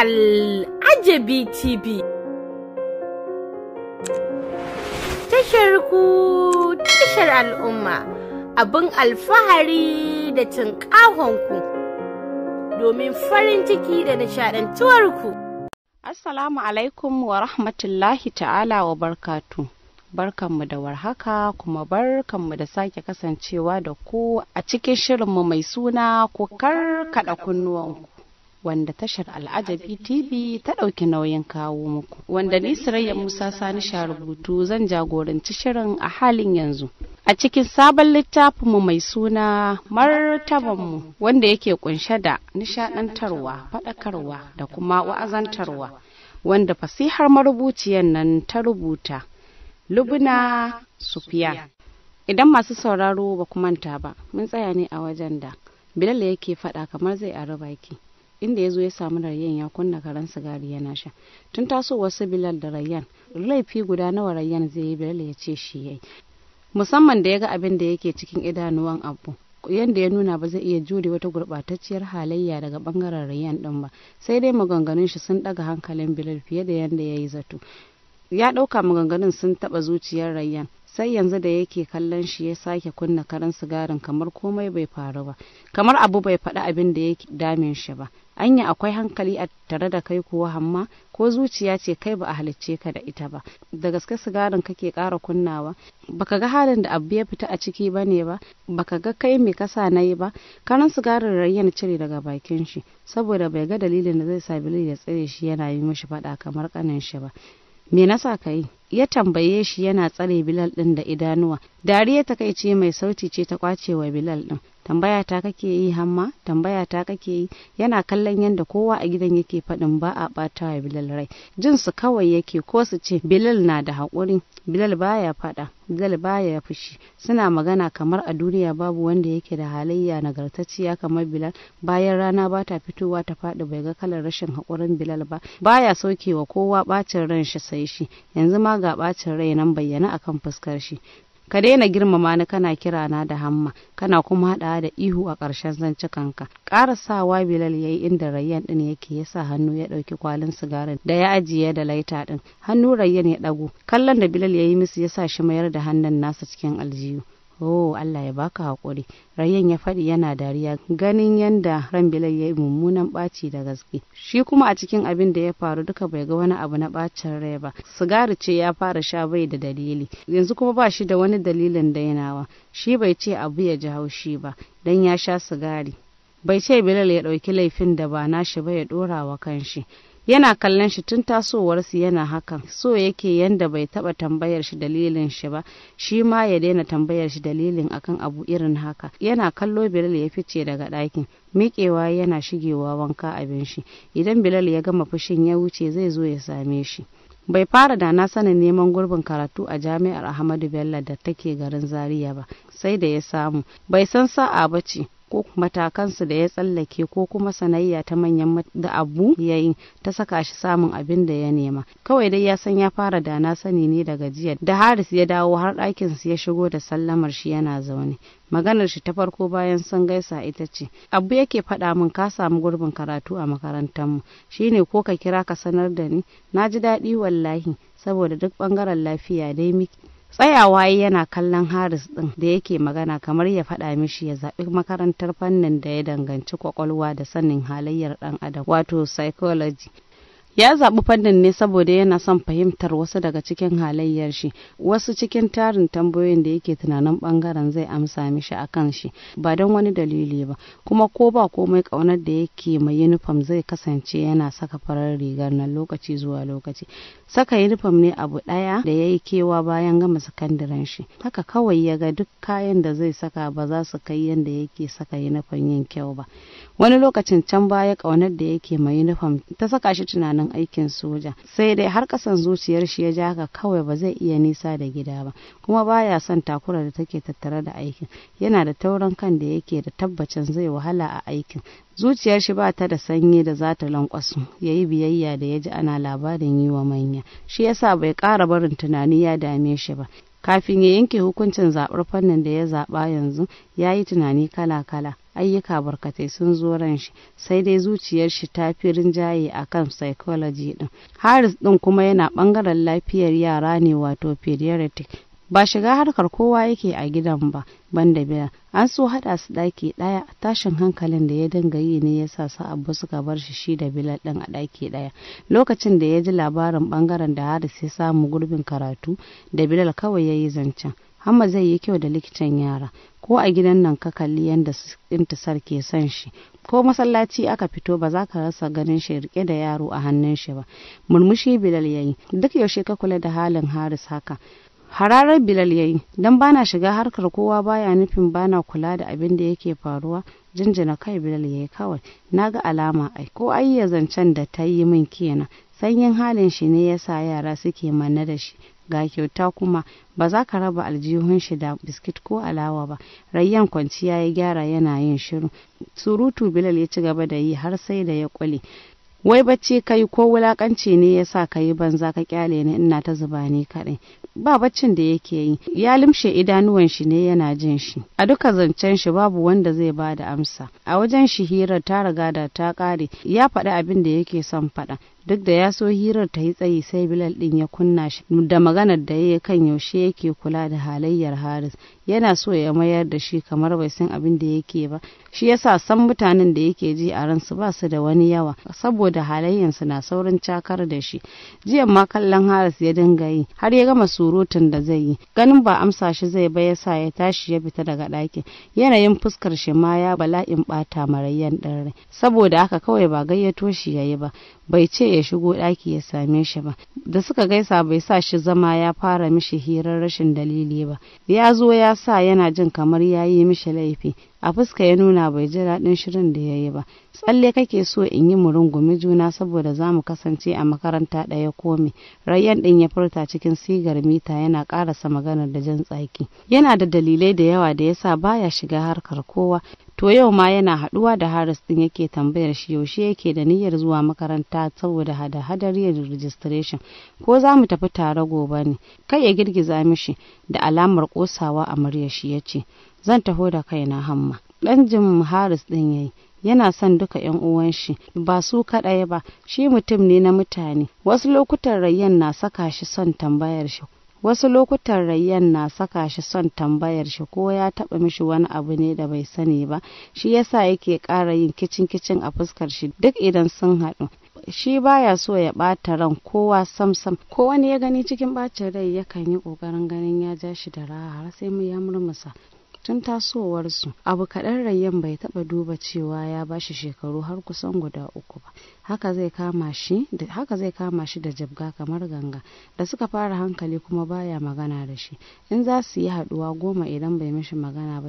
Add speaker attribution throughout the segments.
Speaker 1: Al'ajabi TV. Tashar ku tashar al'umma abin alfahari da cin ku domin farin ciki da ku. Assalamu alaikum wa rahmatullahi ta'ala wa barkatu. Barkanmu da warhaka kuma barkanmu da sake kasancewa da ku a cikin shirinmu mai suna ku karkada kunnuwanku. wanda tashar al'ajabi tv ta ɗauki nauyin kawo muku wanda ni sirayya musa sani sha rubutu zan jagoranci shirin a halin yanzu a cikin sabon littafinmu mai suna martabanmu wanda yake kunshe da nishadantarwa faɗakarwa da kuma wa'azantarwa wanda fasihar marubuciyar nan ta rubuta lubna sufiya idan masu sauraro ba ku manta ba mun tsaya ne a wajen da bilal yake faɗa kamar zai a baki. inda ya zo ya samu rayyan ya kunna karen sigari yana sha tun tasowar su bilal da rayyan laifi guda nawa rayyan zai yi bilal ya ce shi yayi musamman da ya ga abin da yake cikin idanuwan abu yadda ya nuna ba zai iya jure wata gurɓatacciyar halayya daga bangaren rayyan din ba sai dai maganganun shi sun ɗaga hankalin bilal fiye da yadda ya yi zato ya ɗauka maganganun sun taɓa zuciyar rayyan sai yanzu da yake kallon shi ya sake kunna karan sigarin kamar komai bai faru ba kamar abu bai faɗi abin da ya damin shi ba anya akwai hankali a tare da kai kuwa hamma ko zuciya ce kai ba a halicce ka da ita ba da gaske sigarin kake ƙara kunnawa baka ga halin da abu ya fita a ciki ba ne ba baka ga kai me kasa na yi ba karan sigarin rayyan cire daga bakin shi saboda bai ga dalilin da zai sa bilili ya tsire shi yana yi mashi faɗa kamar kanin shi ba me nasa ka yi ya tambaye shi yana tsare Bilal ɗin da idanuwa. Dariya takaici mai sauti ce ta kwace wa Bilal ɗin. tambaya ta kake yi hamma tambaya ta kake yi yana kallon yadda kowa a gidan yake faɗin ba a ɓata wa bilal rai jin su kawai yake ko su ce bilal na da haƙuri bilal baya faɗa bilal baya fushi suna magana kamar a duniya babu wanda yake da halayya nagartacciya kamar bilal bayan rana ba ta fitowa ta faɗi bai ga kalar rashin haƙurin bilal ba baya sokewa kowa ɓacin ran shi sai shi yanzu ma ga ɓacin rai nan bayyana akan fuskar shi ka daina girmama ni kana kira na da hamma kana kuma haɗawa da ihu a ƙarshen zancukanka ƙarasawa bilal ya yi inda rayyan ɗin yake ya sa hannu ya ɗauki kwalin sigarin da ya ajiye da laita ɗin hannu rayyan ya ɗago kallon da bilal ya yi musu ya sa shi mayar da hannun nasa cikin aljihu oh Allah ya baka haƙuri rayyan ya faɗi yana dariya ganin yadda ran bilai ya yi mummunan ɓaci da gaske shi kuma a cikin abin da ya faru duka bai ga wani abu na ɓacin rai ba sigari ce ya fara sha bai da dalili yanzu kuma ba shi da wani dalilin dainawa shi bai ce abu ya ji haushi ba dan ya sha sigari bai ce bilal ya ɗauki laifin da ba nashi ba ya ɗora wa kanshi yana kallon shi tun tasowar su yana hakan so yake yanda bai taba tambayar shi dalilin shi ba shi ma ya daina tambayar shi dalilin akan abu irin haka yana kallo bilal ya fice daga ɗakin miƙewa yana shigewa wanka abin shi idan bilal ya gama fushin ya wuce zai zo ya same shi bai fara da na sanin neman gurbin karatu a jami'ar ahmadu bello da take garin zaria ba sai da ya samu bai san sa'a ba ce ko matakansu da ya tsallake ko kuma sanayya ta manyan da abu ya yi ta saka shi samun abin da ya nema kawai dai ya san ya fara dana sani ne daga jiya da haris ya dawo har ɗakinsu ya shigo da sallamar shi yana zaune maganar shi ta farko bayan sun gaisa ita ce abu yake faɗa min ka samu gurbin karatu a makarantar mu shine ko ka kira ka sanar da ni na ji daɗi wallahi saboda duk ɓangaren lafiya dai miki tsayawa yana kallon haris din da yake magana kamar ya faɗa mishi ya zaɓi makarantar fannin da ya danganci kwakwalwa da sanin halayyar ɗan adam wato psychology ya zaɓi fannin ne saboda yana son fahimtar wasu daga cikin halayyar shi wasu cikin tarin tambayoyin da yake tunanin bangaren zai amsa mishi a kan shi ba don wani dalili ba kuma ko ba komai ƙaunar da yake mai yunifam zai kasance yana saka farar rigar nan lokaci zuwa lokaci saka yunifam ne abu ɗaya da ya yi kewa bayan gama sakandaren shi haka kawai ya ga duk kayan da zai saka ba za su kai yadda yake saka yunifam yin kyau ba wani lokacin can baya ƙaunar da yake mai yunifam ta saka shi tunanin wannan aikin soja sai dai har kasan zuciyar shi ya ja ka kawai ba zai iya nisa da gida ba kuma baya son takura da take tattare da aikin yana da taurin kan da yake da tabbacin zai wahala a aikin zuciyar shi ba ta da sanyi da za ta lankwasu ya yi biyayya da ya ji ana labarin yi wa manya shi yasa bai ƙara barin tunani ya dame shi ba kafin ya yanke hukuncin zaɓar fannin da ya zaɓa yanzu ya yi tunani kala-kala ayyuka barkatai sun zo ran shi sai dai zuciyar shi ta fi rinjaye a kan psychology din harris din kuma yana ɓangaren lafiyar yara ne wato pediatric ba shiga harkar kowa yake a gidan ba banda biya an so hada su daki daya tashin hankalin da ya dinga yi ne ya sa su abu suka bar shi shi da bilal din a daki daya lokacin da ya ji labarin bangaren da haris ya samu gurbin karatu da bilal kawai ya yi zancen hamma zai yi kyau da likitan yara ko a gidan nan ka kalli yadda intisar ke son shi ko masallaci aka fito ba za ka rasa ganin shi rike da yaro a hannun shi ba murmushi bilal ya yi duk yaushe ka kula da halin haris haka hararar bilal yayi dan bana shiga harkar kowa baya nufin bana kula da abin da yake faruwa jinjina kai bilal yayi kawai Na ga alama ai ko ai ya zancen da ta yi min kenan sanyin halin shi ne yasa yara suke manna da shi ga kyauta kuma ba za ka raba aljihun shi da biskit ko alawa ba rayyan kwanciya ya gyara yana yin shiru surutu bilal ya ci gaba da yi har sai da ya kwale wai bacci kai ko wulakanci ne ya sa ka yi banza ka kyale ni ina ta zuba ni kaɗai ba baccin da yake yi ya limshe idanuwan shi ne yana jin shi a duka zancen shi babu wanda zai ba da amsa a wajen shi hirar ta riga da ta ƙare ya faɗi abin da yake son faɗa duk da ya so hirar ta yi tsayi sai bilal din ya kunna shi da maganar da ya kan yaushe yake kula da halayyar haris yana so ya mayar da shi kamar bai san abin da yake ba shi yasa san mutanen da yake ji a ransu ba su da wani yawa saboda halayyarsu na saurin cakar da shi jiya ma kallon haris ya dinga yi har ya gama surutun da zai yi ganin ba amsa shi zai ba yasa ya tashi ya fita daga ɗakin yanayin fuskar shi ma ya bala'in ɓata marayyan ɗan rai saboda haka kawai ba gayyato shi ya yi ba bai ce ya iya shigo ɗaki ya same shi ba da suka gaisa bai sa shi zama ya fara mishi hirar rashin dalili ba ya zo ya sa yana jin kamar ya yi mishi laifi a fuska ya nuna bai ji daɗin shirin da ya yi ba tsalle kake so in yi murungumi juna saboda za mu kasance a makaranta ɗaya komi rayyan ɗin ya furta cikin sigar mita yana ƙarasa maganar da jan tsaki yana da dalilai da yawa da yasa baya shiga harkar kowa to yau ma yana haɗuwa da haris ɗin yake tambayar shi yaushe yake da niyyar zuwa makaranta saboda hada hadar yin registration ko za mu tafi tare gobe ne kai ya girgiza mishi da alamar kosawa a muryar shi ya ce zan taho da kaina hamma dan jim haris din yayi yana son duka yan uwan shi ba su kaɗai ba shi mutum ne na mutane wasu lokutan rayyan na saka shi son tambayar shi wasu lokutan rayyan na saka shi son tambayar shi ko ya taɓa mishi wani abu ne da bai sani ba shi yasa yake ƙara yin kicin kicin a fuskar shi duk idan sun haɗu shi baya so ya ɓata ran kowa sam ko wani ya gani cikin bacin rai yakan yi ƙoƙarin ganin ya ja shi da raha har sai mu ya murmusa tun tasowarsu abu kaɗan rayyan bai taɓa duba cewa ya ba shi shekaru har kusan guda uku ba haka zai kama shi da jibga jabga kamar ganga da suka fara hankali kuma baya magana da shi in za su yi haɗuwa goma idan bai mishi magana ba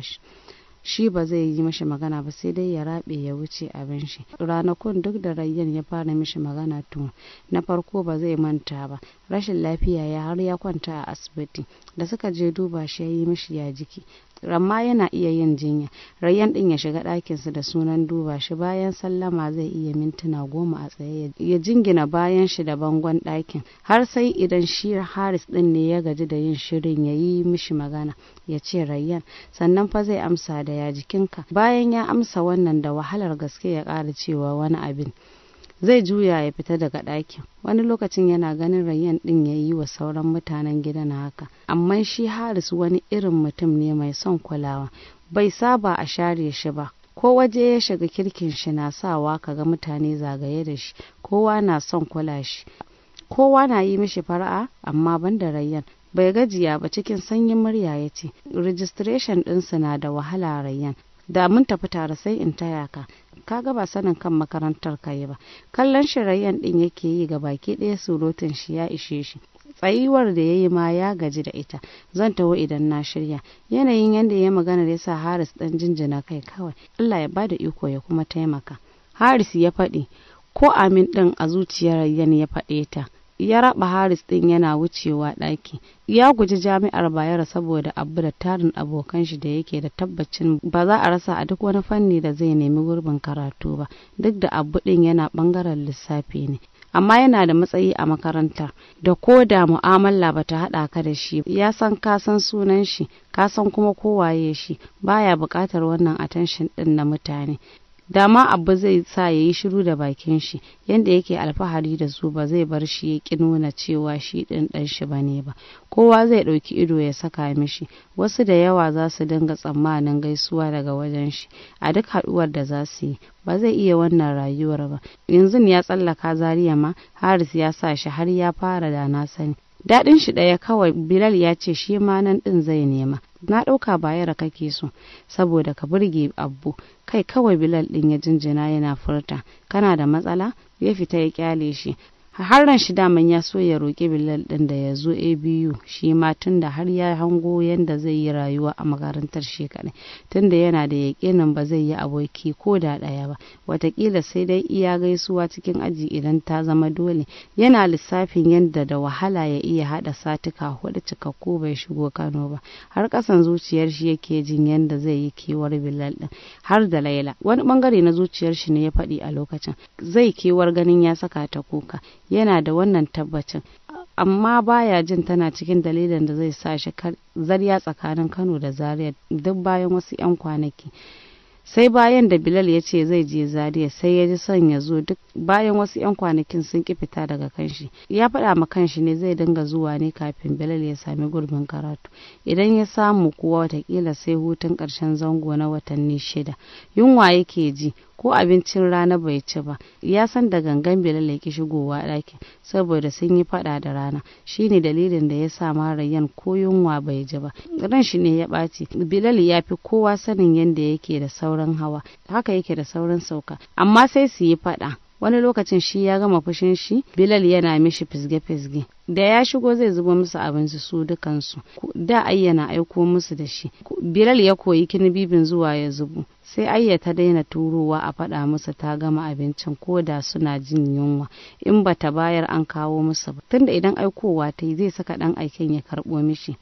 Speaker 1: shi ba zai yi mishi magana ba sai dai ya rabe ya wuce abin shi ranakun duk da rayyan ya fara mishi magana tun na farko ba zai manta ba rashin lafiya ya har ya kwanta a asibiti da suka je duba shi ya yi mishi ya jiki ramma yana iya yin jinya rayyan din ya shiga ɗakinsu da sunan duba shi bayan sallama zai iya mintuna goma a tsaye ya jingina bayan shi da bangon ɗakin har sai idan shi haris din ne ya gaji da yin shirin ya yi mishi magana ya ce rayyan sannan fa zai amsa da ya jikinka bayan ya amsa wannan da wahalar gaske ya ƙara cewa wani abin zai juya ya fita daga ɗakin wani lokacin yana ganin rayyan ɗin ya yi wa sauran mutanen gidan haka amma shi haris wani irin mutum ne mai son kulawa bai saba a share shi ba ko waje ya shiga kirkin shi na sawa ka ga mutane zagaye da shi kowa na son kula shi kowa na yi mishi fara'a amma ban da rayyan bai gajiya ba cikin sanyin murya ya ce registration ɗinsu na da wahala rayyan da mun tafi tare sai in taya ka ka ga ba sanin kan makarantar ka yi ba kallon shirayyan din yake yi ga baki ɗaya surutun shi ya ishe shi tsayuwar da ya yi ma ya gaji da ita zan taho idan na shirya yanayin yadda ya magana ya sa haris dan jinjina kai kawai allah ya bada iko ya kuma taimaka haris ya faɗi ko amin ɗin a zuciyar yan ya faɗe ta ya raba Haris din yana wucewa ɗaki. Ya guji jami'ar Bayero saboda abu da tarin abokan shi da yake da tabbacin ba za a rasa a duk wani fanni da zai nemi gurbin karatu ba, duk da abu din yana ɓangaren lissafi ne. amma yana da matsayi a makaranta, da ko da mu'amala ba ta haɗa ka da shi ya san ka san sunan shi ka san kuma kowaye shi baya buƙatar wannan attention ɗin na mutane da ma abu zai sa ya yi shiru da bakin shi yadda yake alfahari da su ba zai bar shi ya ki nuna cewa shi ɗin ɗan shi ba ne ba kowa zai ɗauki ido ya saka mishi wasu da yawa za su dinga tsammanin gaisuwa daga wajen shi a duk haɗuwar da za su yi ba zai iya wannan rayuwar ba yanzu ya tsallaka zaria ma haris ya sa shi har ya fara da na sani daɗin shi ɗaya kawai bilal ya ce shi ma nan ɗin zai nema na ɗauka bayara kake so saboda ka burge abu kai kawai bilal ɗin ya jinjina yana furta kana da matsala ya fita ya kyale shi har ran shi daman ya so ya roƙi bilal ɗin da ya zo abu shi ma tun da har ya hango yadda zai yi rayuwa a makarantar shi kaɗai tun da yana da yaƙinin ba zai yi aboki ko da ɗaya ba watakila sai dai iya gaisuwa cikin aji idan ta zama dole yana lissafin yadda da wahala ya iya haɗa satuka huɗu cikakku bai shigo kano ba har ƙasan zuciyar shi yake jin yadda zai yi kewar bilal ɗin har da laila wani ɓangare na zuciyar shi ne ya faɗi a lokacin zai kewar ganin ya saka ta kuka yana da wannan tabbacin amma baya jin tana cikin dalilin da zai sa shi zarya tsakanin kano da zaria duk bayan wasu 'yan kwanaki sai bayan da bilal ya ce zai je zaria sai ya ji son ya zo duk bayan wasu 'yan kwanakin sun ki fita daga kanshi ya faɗa ma kanshi ne zai dinga zuwa ne kafin bilal ya sami gurbin karatu idan ya samu kuwa watakila sai hutun ƙarshen zango na watanni shida yunwa yake ji ko abincin rana bai ci ba ya san da gangan bilal ya ki shigowa ɗakin saboda sun yi faɗa da rana shine dalilin da ya sa marayyan ko yunwa bai ji ba ran shi ne ya ɓaci bilal ya fi kowa sanin yadda yake da sauran hawa haka yake da sauran sauka amma sai su yi faɗa wani lokacin shi ya gama fushin shi bilal yana mishi fisge-fisge da ya shigo zai zubo musu abinci su dukansu da ayyana aiko musu da shi bilal ya koyi kinibibin zuwa ya zubo sai ayya ta daina turowa a faɗa musu ta gama abincin ko da suna jin yunwa in bata bayar an kawo musu ba tunda idan aikowa ta yi zai saka ɗan aikin ya karɓo mishi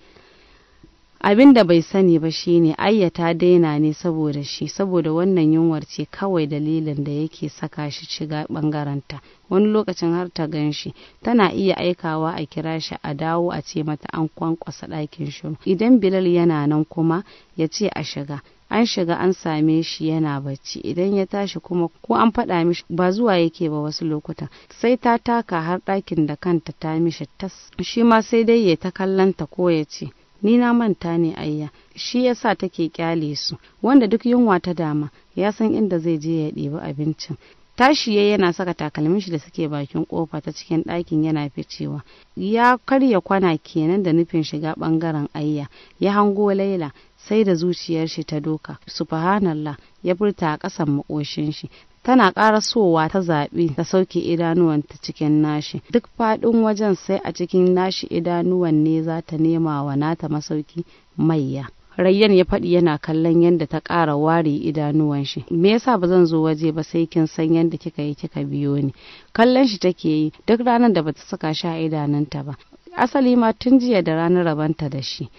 Speaker 1: abin da bai sani ba shine ayya ta daina ne saboda shi saboda wannan yunwar ce kawai dalilin da yake saka shi shiga bangaranta wani lokacin har ta gan shi tana iya aikawa a kira shi a dawo a ce mata an kwankwasa ɗakin shiru idan bilal yana nan kuma ya ce a shiga an shiga an same shi yana bacci idan ya tashi kuma ko an faɗa mishi ba zuwa yake ba wasu lokutan sai ta taka har ɗakin da kanta ta mishi tas shi ma sai dai ya ta kallanta ko ya ce ni na manta ne ayya shi yasa take kyale su wanda duk yunwa ta dama ya san inda zai je ya ɗebi abincin tashi ya yana saka takalmin shi da suke bakin kofa ta cikin ɗakin yana ficewa ya karya kwana kenan da nufin shiga ɓangaren ayya ya hango laila sai da zuciyar shi ta doka subhanallah ya furta a ƙasan makoshin shi tana ƙara sowa ta zaɓi ta sauke idanuwanta cikin nashi duk faɗin wajen sai a cikin nashi idanuwan ne za ta nema wa nata masauki maiya rayyan ya faɗi yana kallon yadda ta ƙara ware idanuwan shi me yasa ba zan zo waje ba sai kin san yadda kika yi kika biyo ni kallon shi take yi duk ranar da bata saka sha idanunta ba asali ma tun jiya da ranar rabanta da shi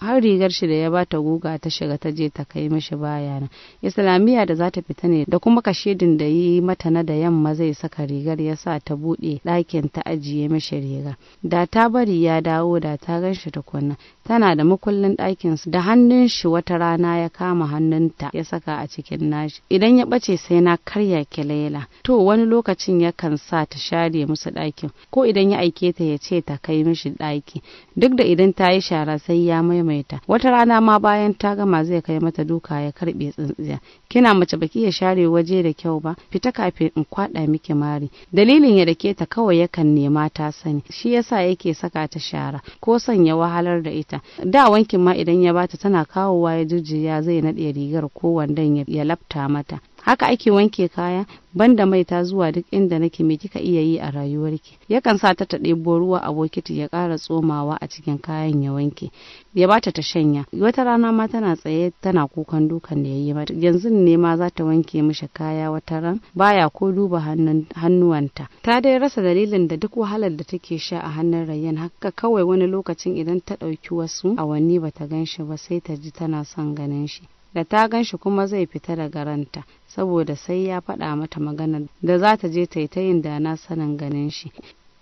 Speaker 1: har rigar shi da ya bata guga ta shiga ta je ta kai mashi bayana islamiyya da za ta fita ne da kuma kashedin da yi mata na da yamma zai saka rigar ya sa ta buɗe ɗakin ta ajiye mashi riga da ta bari ya dawo da ta gan shi tukunna tana da makullin ɗakin su da hannun shi wata rana ya kama hannun ta ya saka a cikin nashi idan ya bace sai na karya kilela to wani lokacin yakan sa ta share musu ɗakin ko idan ya aike ta ya ce ta kai mashi ɗaki duk da idan ta yi shara sai ya mai rungume wata rana ma bayan ta gama zai kai mata duka ya karbe tsintsiya kina mace baki ya share waje da kyau ba fita kafin in kwada miki mari dalilin ya dake ta kawai yakan nema ta sani shi yasa yake saka ta shara ko sanya wahalar da ita da wankin ma idan ya bata tana kawowa ya jujjuya zai naɗe rigar ko wandan ya lafta mata haka ake wanke kaya banda ta zuwa duk inda nake me kika iya yi a rayuwarki yakan sa ta ta ɗebo ruwa a bokiti ya ƙara tsomawa a cikin kayan ya wanke ya bata ta shanya wata rana ma tana tsaye tana kukan dukan da yayi mata yanzu ne ma za ta wanke mishi kaya wata ran baya ko duba hannuwanta ta dai rasa dalilin da duk wahalar da take sha a hannun rayyan haka kawai wani lokacin idan ta ɗauki wasu awanni bata gan shi ba sai ta ji tana son ganin shi da ta gan shi kuma zai fita daga ranta saboda sai ya faɗa mata magana da za ta je ta yi ta yin da na sanin ganin shi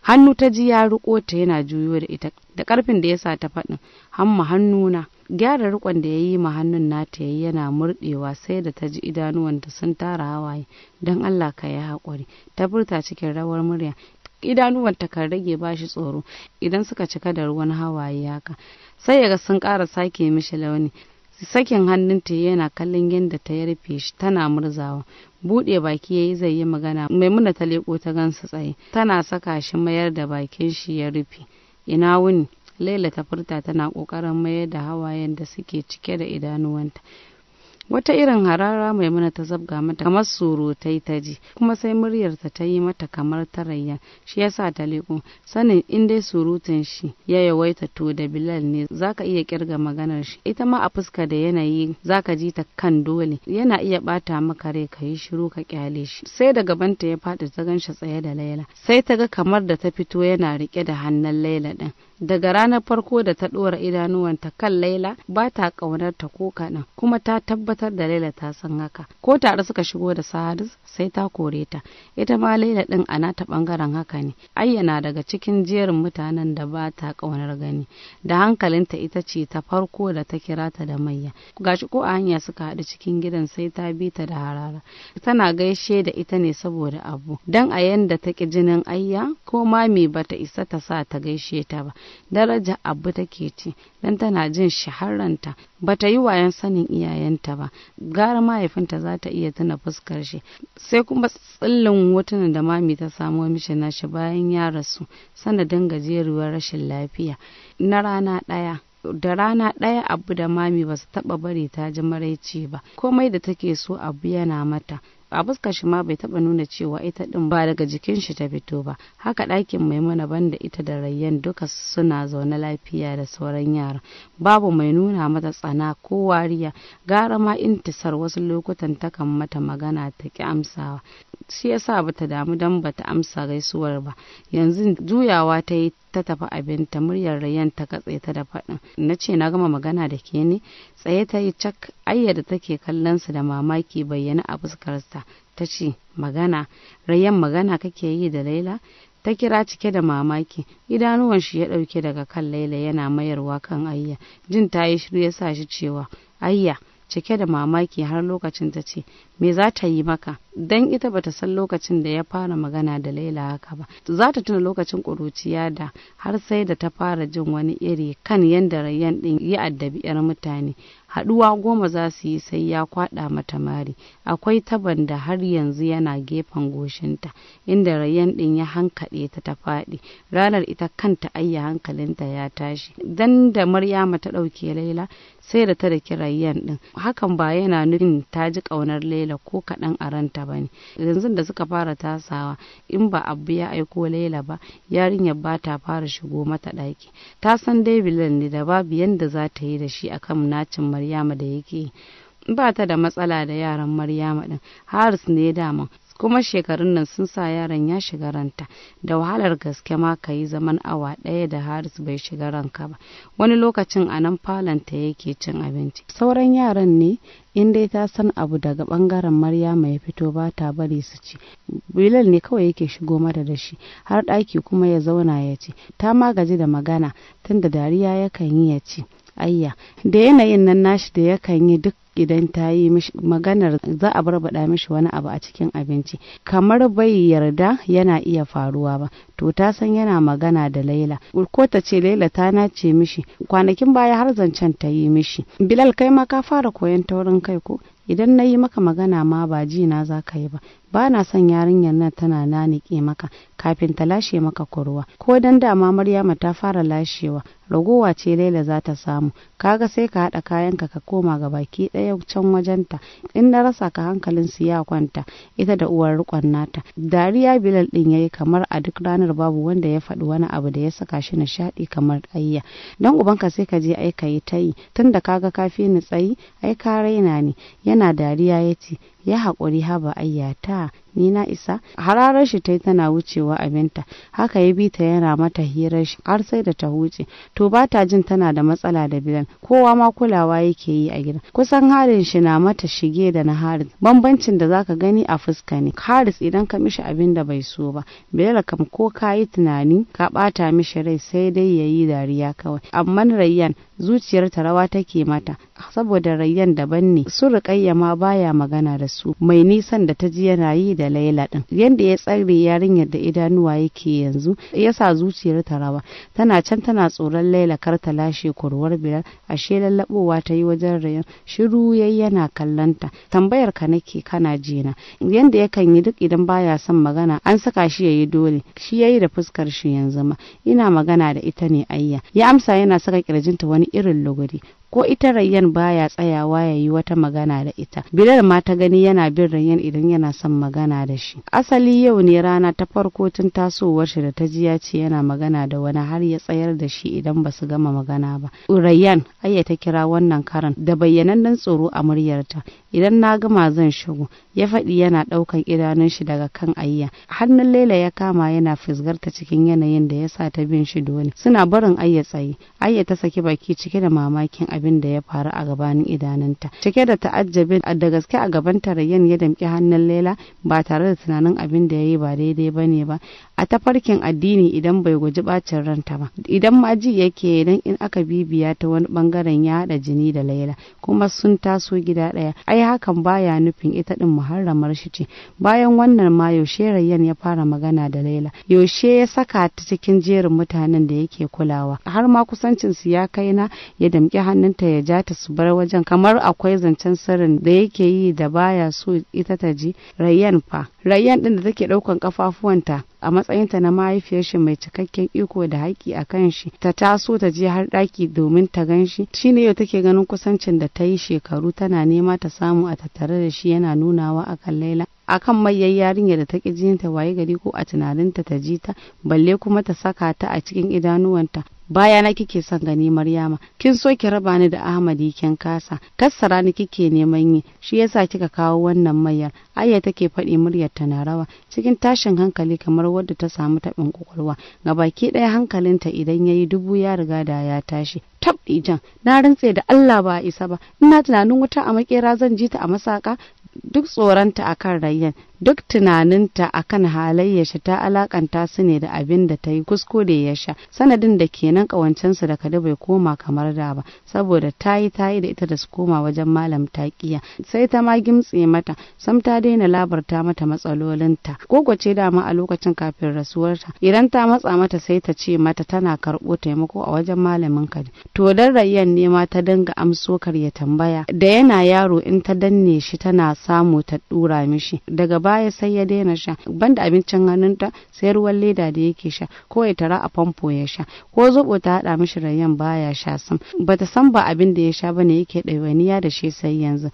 Speaker 1: hannu ta ji ya riko ta yana juyo da ita da karfin da ya sa ta faɗin hamma hannuna gyara rikon da ya yi ma hannun nata yi yana murɗewa sai da ta ji idanuwanta sun tara hawaye don allah ka yi haƙuri ta furta cikin rawar murya idanuwanta kan rage ba shi tsoro idan suka cika da ruwan hawaye haka sai ga sun ƙara sake mishi launi sakin hannunta yana kallon yadda ta yarfe shi tana murzawa buɗe baki ya yi zai yi magana maimuna ta leƙo ta gansa tsaye tana saka shi mayar da bakin shi ya rufe ina wuni laila ta furta tana ƙoƙarin mayar da hawayen da suke cike da idanuwanta wata irin harara maimuna ta zabga mata kamar surutai ta ji kuma sai muryarta ta yi mata kamar tarayya shi yasa ta leko sanin in dai surutun shi ya yawaita to da bilal ne zaka iya kirga maganar shi ita ma a fuska da yanayi zaka ji ta kan dole yana iya bata maka rai ka yi shiru ka kyale shi sai da gabanta ya faɗi ta ganshi tsaye da laila sai ta ga kamar da ta fito yana rike da hannun laila din daga ranar farko da ta ɗora idanuwanta kan laila ba ta ƙaunar ta ko kaɗan kuma ta tabbatar da laila ta san haka ko tare suka shigo da saharis sai ta kore ta ita ma laila ɗin a nata ɓangaren haka ne ayyana daga cikin jerin mutanen da ba ta ƙaunar gani da hankalinta ita ce ta farko da ta kira ta da mayya gashi ko a hanya suka haɗu cikin gidan sai ta bi ta da harara tana gaishe da ita ne saboda abu dan a yanda ta ƙi jinin ayya ko ma me bata isa ta sa ta gaishe ta ba daraja abu take ci dan tana jin shaharanta ba ta yi wayan sanin iyayenta ba gara mahaifinta za ta iya tuna fuskar shi sai kuma tsillin wutan da mami ta samo mishi nashi bayan ya rasu sanadin gajeruwar rashin lafiya na rana ɗaya da rana ɗaya abu da mami ba su taɓa bari ta ji maraici ba komai da take so abu yana mata a fuskar shi ma bai taba nuna cewa ita din ba daga jikin shi ta fito ba haka ɗakin maimuna banda ita da rayyan duka suna zaune lafiya da sauran yara babu mai nuna mata tsana ko wariya gara ma intisar wasu lokutan takan mata magana ta ki amsawa shi yasa bata damu dan bata amsa gaisuwar ba yanzu juyawa ta yi ta tafi abinta muryar rayan ta katse ta da faɗin na ce na gama magana da ke ne tsaye ta yi cak ayyar da take kallon su da mamaki bayyana a fuskarsa ta ce magana rayan magana kake yi da laila ta kira cike da mamaki idanuwan shi ya ɗauke daga kan laila yana mayarwa kan ayya jin ta yi shiru ya sa shi cewa ayya cike da mamaki har lokacin ta ce me za ta yi maka dan ita bata san lokacin da ya fara magana da laila haka ba za ta tuna lokacin ƙuruciya da har sai da ta fara jin wani iri kan yadda rayan ɗin ya addabi 'yar mutane Haɗuwa goma za su yi sai ya kwaɗa mata mari akwai taban da har yanzu yana gefen goshinta inda rayan ɗin ya hankaɗe ta ta faɗi ranar ita kanta ayya hankalinta ya tashi dan da maryama ta ɗauke laila sai da ta da kirayyan din hakan ba yana nufin ta ji ƙaunar laila ko kaɗan a ranta ba ne yanzu da suka fara tasawa in ba abu ya aiko laila ba yarinyar ba ta fara shigo mata ɗaki ta san dai bilan ne da babu yadda za ta yi da shi a kan nacin maryama da yake ba ta da matsala da yaran maryama din haris ne dama kuma shekarun nan sun sa yaron ya shiga ranta da wahalar gaske ma ka yi zaman awa ɗaya da haris bai shiga ranka ba wani lokacin a nan falanta yake cin abinci sauran yaran ne in dai ta san abu daga bangaren Marya mai fito ba ta bari su ci bilal ne kawai yake shigo mata da shi har ɗaki kuma ya zauna ya ci ta magaji da magana tunda dariya yakan yi ya ci ayya da yanayin nan nashi da yakan yi duk idan ta yi maganar za a barbaɗa mishi wani abu a cikin abinci kamar bai yarda yana iya faruwa ba to ta san yana magana da laila ko ta ce laila ta nace mishi kwanakin baya har zancen ta yi mishi bilal kai ma ka fara koyon taurin kai ko idan na yi maka magana ma ba ji na za ka yi ba ba na son yarinyar nan tana nanike maka kafin ta lashe maka kurwa ko dan dama maryama ta fara lashewa ragowa ce laila za ta samu kaga sai ka haɗa kayanka ka koma ga baki ɗaya can wajenta in na rasa ka hankalin su ya kwanta ita da uwar rikon nata dariya bilal ɗin yi kamar a duk ranar babu wanda ya faɗi wani abu da ya saka shi nishaɗi kamar ayya dan ubanka sai ka je ai ka yi ta yi tunda kaga kafi ni tsayi ai ka raina ne yana dariya ya ce ya haƙuri haba ayyata ni na isa hararar shi ta yi tana wucewa abinta haka ya bi ta yana mata hirar shi har sai da ta huce to ba ta jin tana da matsala da bilan kowa ma kulawa yake yi a gida kusan harin shi na mata shige da na haris bambancin da zaka gani a fuska ne haris idan ka mishi abin da bai so ba bilal kam ko ka yi tunani ka bata mishi rai sai dai ya yi dariya kawai amma rayyan zuciyar ta rawa take mata saboda rayyan daban ne su rikayya ma baya magana da su mai nisan da ta ji yana yi da da laila din yanda ya tsare yarinyar da idanuwa yake yanzu ya sa zuciyar ta rawa tana can tana tsoron laila kar ta lashe kurwar biyar ashe lallabowa ta yi wajen rayan shiru yayi yana kallanta tambayar ka nake kana jina yanda yakan yi duk idan baya son magana an saka shi yayi dole shi yayi da fuskar shi yanzu ma ina magana da ita ne ayya ya amsa yana saka kirjinta wani irin luguri ko ita rayyan baya tsayawa ya yi wata magana da ita bilal ma ta gani yana bin rayyan idan yana son magana da shi asali yau ne rana ta farko tun tasowar shi da ta ji ya ce yana magana da wani har ya tsayar da shi idan ba su gama magana ba rayyan ayya ta kira wannan karan da bayyanannen tsoro a muryarta idan na gama zan shigo ya faɗi yana ɗaukan idanun shi daga kan ayya hannun laila ya kama yana fisgarta cikin yanayin da ya sa ta bin shi dole suna barin ayya tsaye ayya ta saki baki cike da mamakin abin da ya faru a gabanin idanunta cike da ta'ajjabi da gaske a gaban tarayyan ya damƙi hannun lela ba tare da tunanin abin da ya yi ba daidai ba ne ba a tafarkin addini idan bai guji bacin ranta ba idan ma ji yake idan in aka bibiya ta wani bangaren ya haɗa jini da laila kuma sun taso gida ɗaya ai hakan baya nufin ita ɗin muharramar shi ce bayan wannan ma yaushe rayyan ya fara magana da laila yaushe ya saka ta cikin jerin mutanen da yake kulawa har ma kusancin su ya kai na ya damƙi hannunta ya ja ta su bar wajen kamar akwai zancen sirrin da yake yi da baya so ita ta ji rayyan fa Rayyan ɗin da take ɗaukan ƙafafuwanta a matsayinta na mahaifiyar shi mai cikakken iko da haƙƙi a kan shi ta taso ta je har ɗaki domin ta gan shi shine yau take ganin kusancin da ta yi shekaru tana nema ta samu a tattare da shi yana nunawa akan Laila a kan mayan yarinya da ta ƙi jinta waye gari ko a tunaninta ta ji ta balle kuma ta saka ta a cikin idanuwanta baya na kike son gani Maryama kin so ki raba ni da Ahmadi kin kasa kassara ni kike neman yi shi yasa kika kawo wannan mayar ayya take faɗi muryar ta na rawa cikin tashin hankali kamar wadda ta samu taɓin kwakwalwa baki ɗaya hankalinta idan ya yi dubu ya riga da ya tashi tab jan na rantse da Allah ba isa ba ina tunanin wuta a makera zan ji ta a masaka duk tsoronta a kan rayyan duk tunaninta akan kan shi ta alakanta su ne da abin da ta yi da ya sha sanadin da kenan kawancensu da kada bai koma kamar da ba saboda ta yi ta yi da ita da su koma wajen malam taƙiya sai ta ma gimtse mata sam ta daina labarta mata matsalolinta ce dama a lokacin kafin rasuwarta idan ta matsa mata sai ta ce mata tana karɓo taimako a wajen malamin kadi to dan rayyan ne ma ta dinga amso ya tambaya da yana yaro in ta danne shi tana samu ta dura mishi daga baya sai ya daina sha banda abincin hannunta sai ruwan leda da yake sha ko ya tara a famfo ya sha ko zobo ta hada mishi rayan baya sha sam bata san ba abin da ya sha bane yake ɗawainiya da shi sai yanzu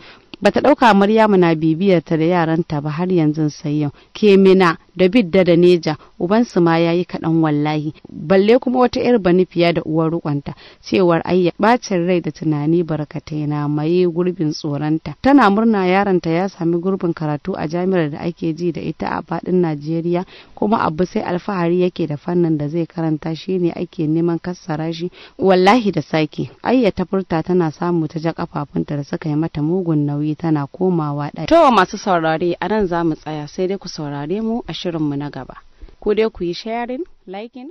Speaker 1: bata ɗauka Maryamu na bibiyar ta da yaranta ba har yanzu sai yau Kemina mina da bidda da neja ubansu ma yayi kaɗan wallahi balle kuma wata yar banifiya da uwar rukonta cewar ayya bacin rai da tunani barkatai na maye gurbin tsoronta tana murna yaronta ya sami gurbin karatu a jami'ar da ake ji da ita a faɗin Najeriya kuma abu sai alfahari yake da fannin da zai karanta shine ake neman kassara shi wallahi da saki ayya ta furta tana samu ta ja kafafunta da suka yi mata mugun nauyi tana komawa ɗaya. Towa masu saurare a nan za mu tsaya sai dai ku saurare mu a shirinmu na gaba. Ku dai ku yi sharing, liking.